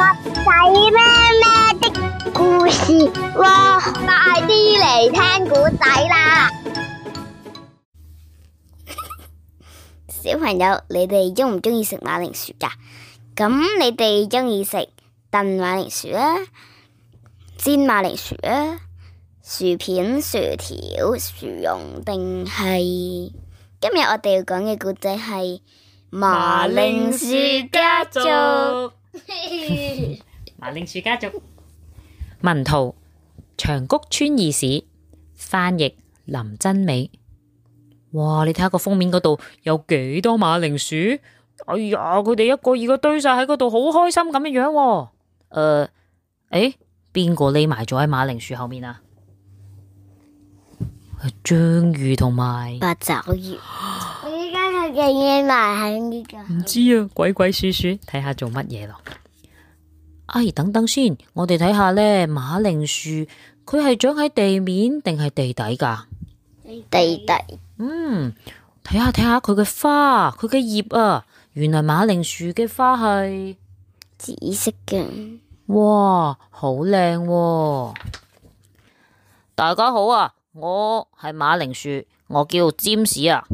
襪仔咩咩的故事哇，快啲嚟聽故仔啦！小朋友，你哋鍾唔鍾意食馬鈴薯㗎？咁你哋鍾意食燉馬鈴薯啊、煎馬鈴薯啊、薯片、薯條、薯蓉定係？今日我哋要講嘅故仔係馬鈴薯家族。 馬鈴薯家族，文圖長谷川義史，翻譯林真美。哇！你睇下個封面嗰度有幾多馬鈴薯？哎呀，佢哋一個二個堆晒喺嗰度，好開心咁樣樣、呃。誒誒，邊個匿埋咗喺馬鈴薯後面啊？章魚同埋八爪魚。 嘅唔知啊，鬼鬼祟祟，睇下做乜嘢咯？哎，等等先，我哋睇下呢馬鈴薯佢係長喺地面定係地底噶？地底。嗯，睇下睇下佢嘅花，佢嘅葉啊，原來馬鈴薯嘅花係紫色嘅。哇，好靚喎！大家好啊，我係馬鈴薯，我叫詹姆士啊。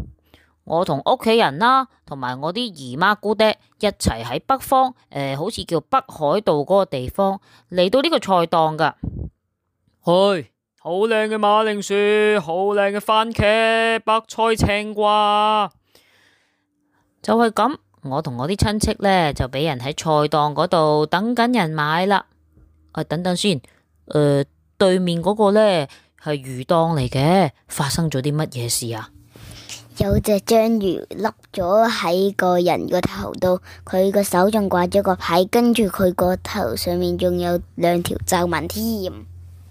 我同屋企人啦，同埋我啲姨媽姑爹一齊喺北方，誒、呃，好似叫北海道嗰個地方嚟，到呢個菜檔噶。去好靚嘅馬鈴薯，好靚嘅番茄、白菜、青瓜，就係咁。我同我啲親戚呢，就俾人喺菜檔嗰度等緊人買啦。啊，等等先，誒、呃，對面嗰個呢，係魚檔嚟嘅，發生咗啲乜嘢事啊？有隻章魚笠咗喺個人個頭度，佢個手仲掛咗個牌，跟住佢個頭上面仲有兩條皺紋添。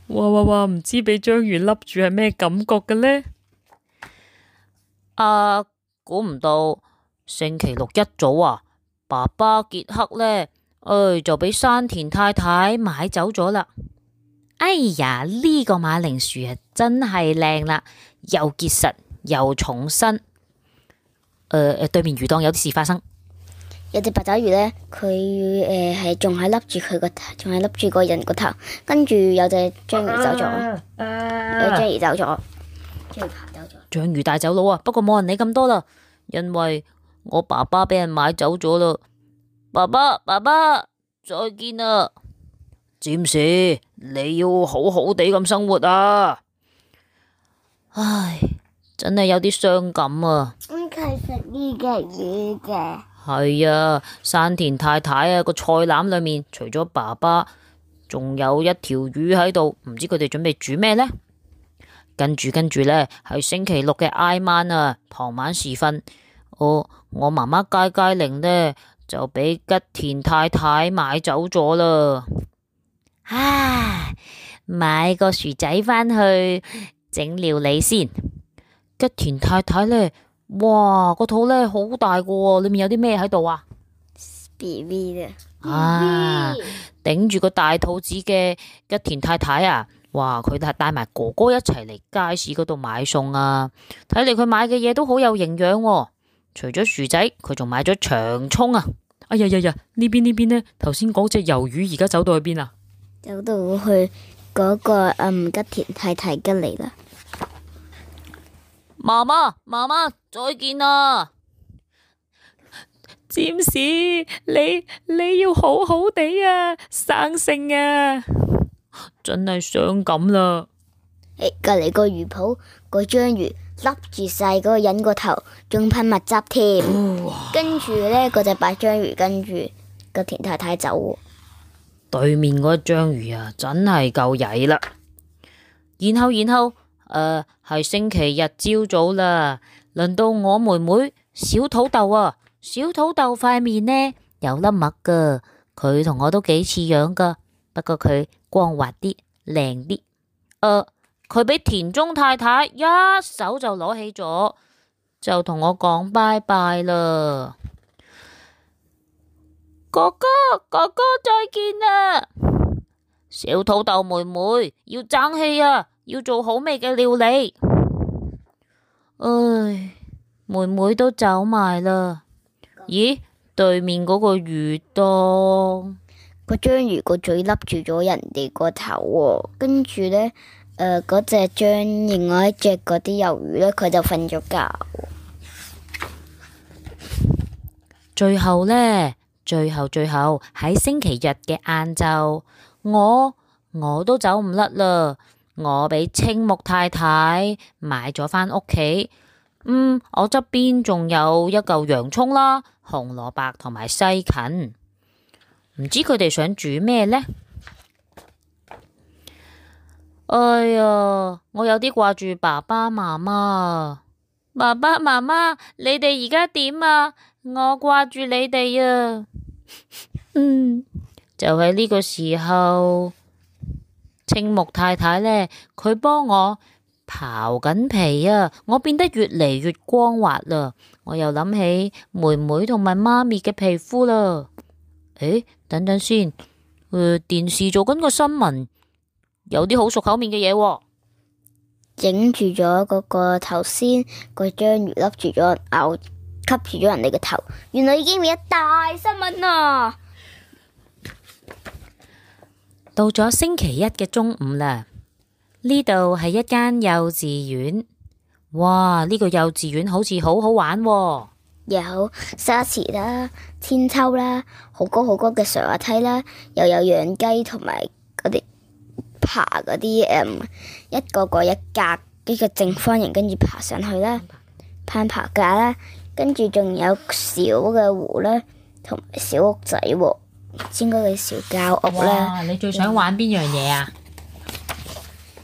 哇哇哇！唔知俾章魚笠住係咩感覺嘅呢？啊，估唔到星期六一早啊，爸爸傑克呢，哎就俾山田太太買走咗啦。哎呀，呢個馬鈴薯係真係靚啦，又結實。又重新誒誒、呃呃，對面魚檔有啲事發生。有隻八爪魚咧，佢誒係仲係笠住佢個頭，仲係笠住個人個頭。跟住有隻章魚走咗，有、啊啊呃、章魚走咗，章魚跑走咗。章魚帶走佬啊！不過冇人理咁多啦，因為我爸爸俾人買走咗啦。爸爸，爸爸，再見啦！占士，你要好好地咁生活啊！唉。真係有啲傷感啊！咁佢食呢隻嘢嘅係啊，山田太太啊，嗰個菜籃裏面除咗爸爸，仲有一條魚喺度，唔知佢哋準備煮咩呢？跟住跟住呢，係星期六嘅挨晚啊，傍晚時分，哦、我我媽媽佳佳玲呢，就俾吉田太太買走咗啦。唉、啊，買個薯仔返去整料理先。吉田太太咧，哇，個肚咧好大個，裏面有啲咩喺度啊？B B 啊，啊，頂住個大肚子嘅吉田太太啊，哇，佢係帶埋哥哥一齊嚟街市嗰度買餸啊。睇嚟佢買嘅嘢都好有營養，啊，除咗薯仔，佢仲買咗長蔥啊。哎呀呀呀，呢邊呢邊呢？頭先嗰隻魷魚而家走到去邊啊？走到去嗰、那個阿、嗯、吉田太太隔籬啦。媽媽，媽媽，再見啦！占士，你你要好好地啊，生性啊，真係傷感啦，欸！隔籬個魚鋪個章魚笠住晒嗰個人個頭，仲噴墨汁添，哇跟住呢，個隻白章魚跟住個田太太走，啊，對面嗰隻章魚啊，真係夠曳啦！然後，然後。誒，係、呃、星期日朝早啦，輪到我妹妹小土豆啊。小土豆塊面呢，有粒癦㗎，佢同我都幾似樣㗎，不過佢光滑啲，靚啲。佢、呃、畀田中太太一手就攞起咗，就同我講拜拜啦，哥哥，哥哥再見啦。小土豆妹妹要爭氣啊！要做好味嘅料理？唉，妹妹都走埋啦。咦，對面嗰個魚檔個章魚個嘴笠住咗人哋個頭喎，跟住呢，誒， 嗰隻章，另外一隻嗰啲魷魚呢，佢就瞓咗覺。最後呢，最後最後喺星期日嘅晏晝。我我都走唔甩啦，我俾青木太太買咗返屋企。嗯，我側邊仲有一嚿洋葱啦、紅蘿蔔同埋西芹，唔知佢哋想煮咩呢？哎呀，我有啲掛住爸爸媽媽。爸爸媽媽，你哋而家點啊？我掛住你哋啊！ 嗯。就喺呢個時候，青木太太呢，佢幫我刨緊皮啊！我變得越嚟越光滑啦！我又諗起妹妹同埋媽咪嘅皮膚啦。誒，等等先，誒、呃，電視做緊個新聞，有啲好熟口面嘅嘢、啊。整住咗嗰、嗰個頭先，個章魚笠住咗，咬吸住咗人哋個頭，原來已經變咗大新聞啊！到咗星期一嘅中午啦，呢度係一間幼稚園。哇，呢、呢個幼稚園好似好好玩，哦，有沙池啦、千秋啦、好高好高嘅上滑梯啦，又有養雞同埋嗰啲爬嗰啲、嗯，一個個一格呢個正方形，跟住爬上去啦，攀爬架啦，跟住仲有小嘅湖啦，同埋小屋仔。應該去小教屋啦。哇！你最想玩邊樣嘢啊？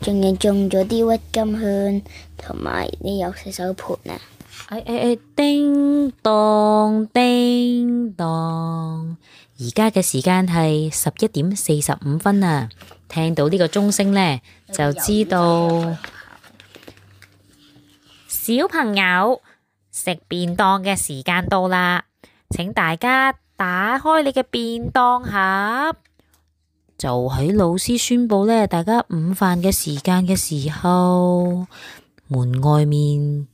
仲要種咗啲鬱金香，同埋啲有洗手盆啊！哎哎哎！叮當叮當，而家嘅時間係十一點四十五分啦。聽到呢個鐘聲呢，就知道小朋友食便當嘅時間到啦，請大家。打開你嘅便當盒，就喺老師宣布咧，大家午飯嘅時間嘅時候，門外面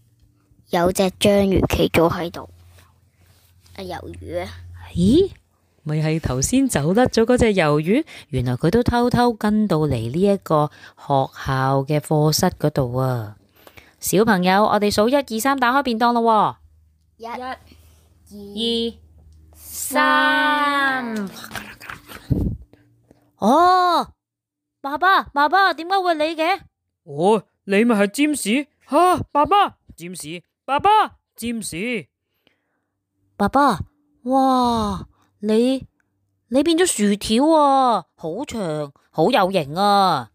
有隻章魚企咗喺度，阿魷魚啊？咦，咪係頭先走甩咗嗰隻魷魚？原來佢都偷偷跟到嚟呢一個學校嘅課室嗰度啊！小朋友，我哋數一二三，打開便當啦！一、二。三。哦，爸爸，爸爸，點解會你嘅？我、哦、你咪係占士吓，爸爸占士，James，爸爸占士，James、爸爸哇！你你變咗薯條啊，好長，好有型啊！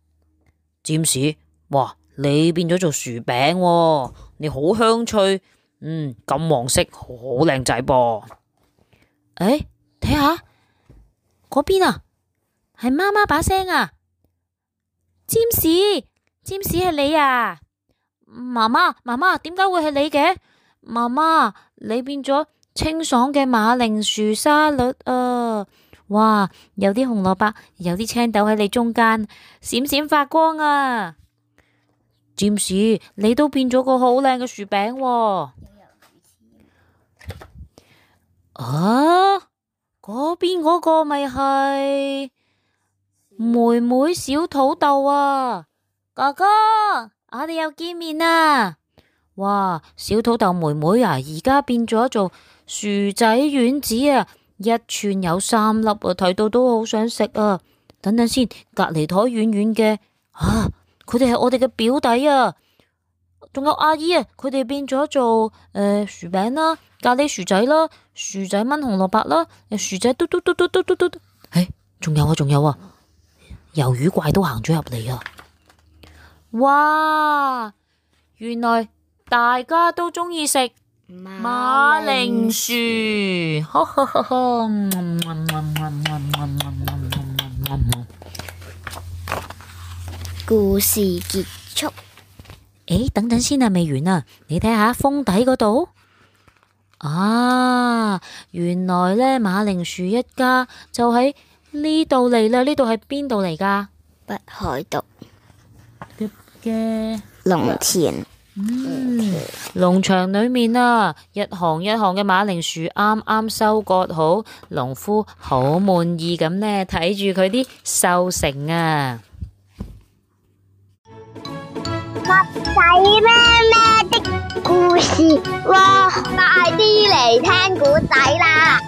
占士哇，你變咗做薯餅，啊，你好香脆，嗯，金黃色，好靚仔噃。誒，睇下嗰邊啊，係媽媽把聲啊，占士，占士係你啊？媽媽，媽媽點解會係你嘅？媽媽，你變咗清爽嘅馬鈴薯沙律啊！呃、哇，有啲紅蘿蔔，有啲青豆喺你中間，閃閃發光啊！占士，你都變咗個好靚嘅薯餅喎、啊。啊！嗰邊嗰個咪係妹妹小土豆啊，哥哥，我哋又見面啦！哇，小土豆妹妹啊，而家變咗做薯仔丸子啊，一串有三粒啊，睇到都好想食啊！等等先，隔籬台圓圓嘅，啊，佢哋係我哋嘅表弟啊！仲有阿姨啊！佢哋變咗做誒薯餅啦、咖喱薯仔啦、薯仔炆紅蘿蔔啦、薯仔嘟嘟嘟嘟嘟嘟嘟。誒，仲有啊，仲有啊，魷魚怪都行咗入嚟啊！哇，原來大家都中意食馬鈴薯。呵呵呵呵。故事結束。誒，等等先啊，未完啊！你睇下封底嗰度啊，原來咧馬鈴薯一家就喺呢度嚟啦！呢度係邊度嚟噶？北海道嘅農田，農、嗯、農場裏面啊，一行一行嘅馬鈴薯啱啱收割好，農夫好滿意咁咧睇住佢啲收成啊！襪仔咩咩的故事喎？快啲嚟聽古仔啦！